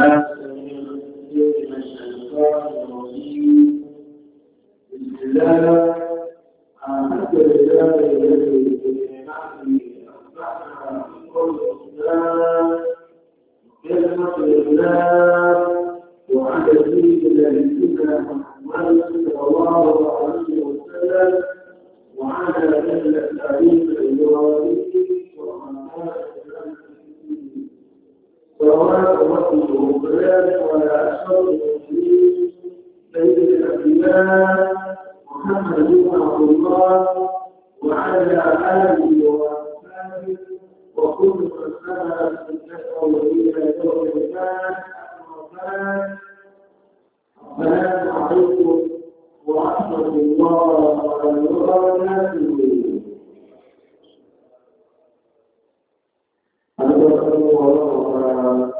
بالله من الشيطان الرجيم الله وما أمرتكم بذلك ولا أشهد سيد محمد بن عبد الله وعلى آله وأصحابه وكل من سلم إلى يوم القيامة أما السلام عليكم ورحمة الله وبركاته Thank you.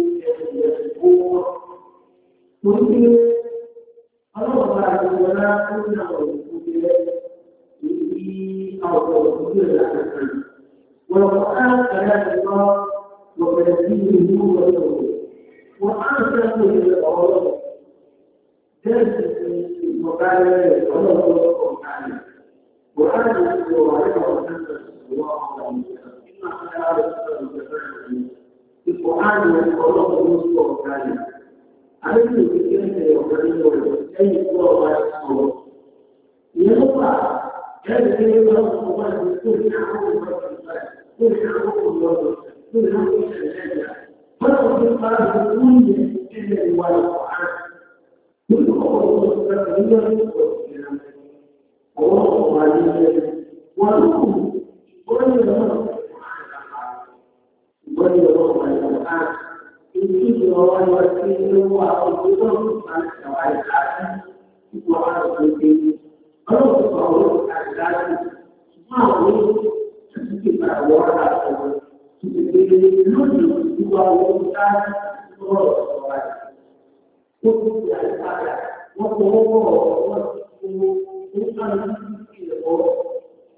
Mungkin kalau orang orang pun tahu dia ini tahu dia akan. Walau ada Allah memberitahu kita, Quran satu dari Allah dan mengkali Allah Quran. Quran itu adalah Allah Allah. Inna Allah Subhanahu wa Taala. Quran itu Allah Subhanahu wa Taala. அனைத்து விஷயங்களையும் உடனே செய்திக்கோவா எதுவா وَلَكُمْ o un análisis de o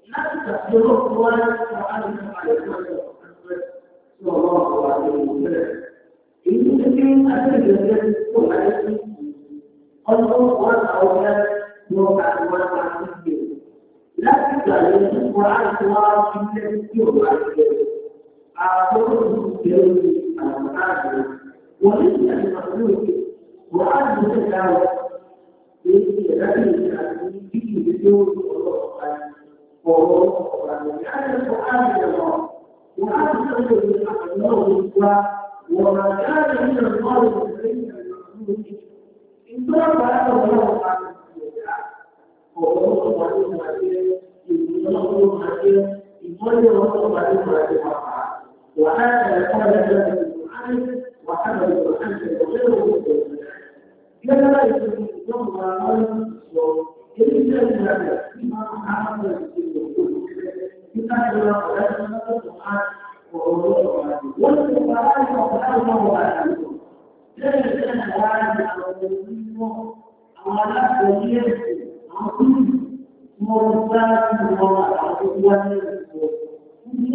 la situación actual trabaja en la no vamos a hablar de mujeres. Y entonces, ¿qué hace el Dios con la ley? Cuando van a obrar, no van a obrar La situación actual actual es que yo a todos los que yo a la tarde, o a la situación, o a la situación, وما كان من الله لديه المخلوق إن ضرب هذا الله عن وهذا قال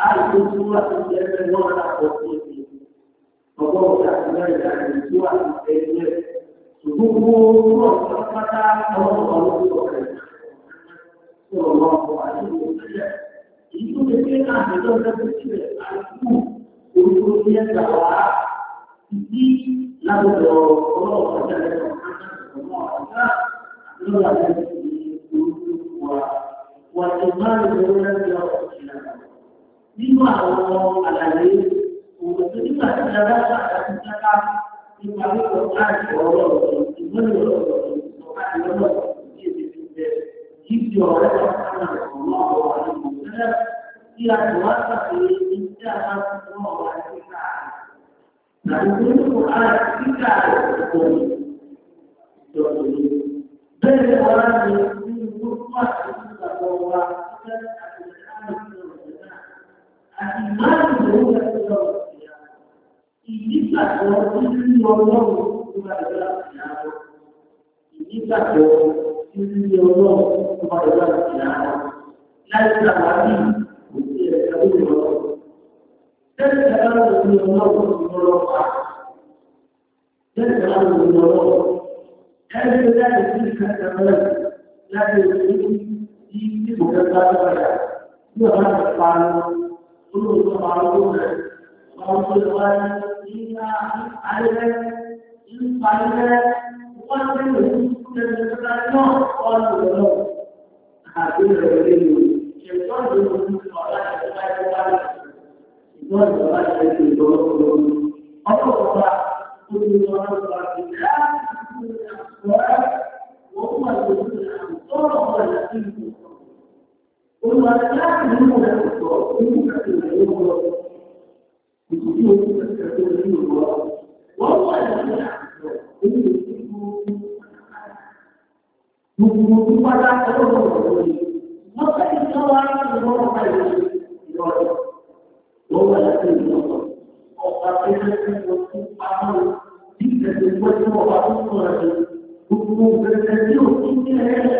Hal usuwa sendiri menolak posisi. Maka kita dari usuwa sendiri. Subuhu kata Allah Sallallahu alaihi wasallam. Itu ketika itu terkecil aku usulnya nínú àwọn àlàyé òwò tó nígbà tí a bá sáká nípa láti ọ̀rọ̀ ọ̀rọ̀ ní èdè tó bẹ kí ọ̀rọ̀ àti ìmọ̀lẹ̀ tí a tó wá sàkè ọ̀rọ̀ 你一干活，你有肉；你干活，你有肉；你一干活，你有肉；你干活，你有肉。那啥？你不是有肉？那啥？你有肉？那啥？你有肉？还是在你身上买的？那是几几几几毛钱？六块三。guru kebaruan, konsultan, ina, ayah, insan, bukan dengan dengan sesuatu orang baru. Hati lagi, kita juga mesti orang yang baik baik. Kita juga mesti orang yang baik baik. Apa kita untuk orang baik baik? Kita orang Umat itu adalah orang yang tidak berbudi. Umat yang tidak berbudi itu Gbogbo ìgbẹ̀rẹ̀ tí ó tún ní ẹ̀rẹ́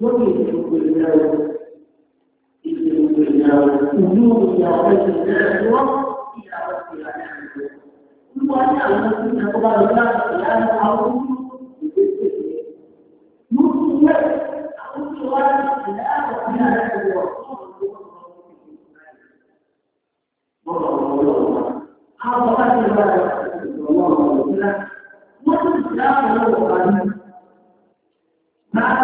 ومن حب المال يجلب النار وجوه يعطيك النار إلى رب العالمين وأنا أقول لك بعض الناس الآن أعرف ممكن أقول لك الآن وأنا أقول لك الله الله الله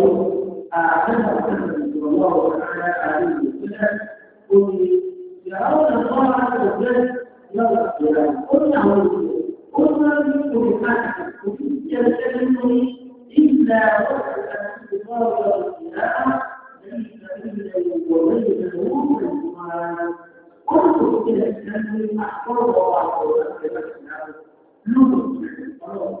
قوله أعلم صلى الله عليه وسلم يرون الله عز وجل يوم القيامة قلنا هو قلنا منكم الحق وفي الكلمة إلا وحدة الله يوم القيامة ليس إلا وبينه الجمال قلت إلى الكلمة محفوظة وعلى الله لو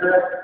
that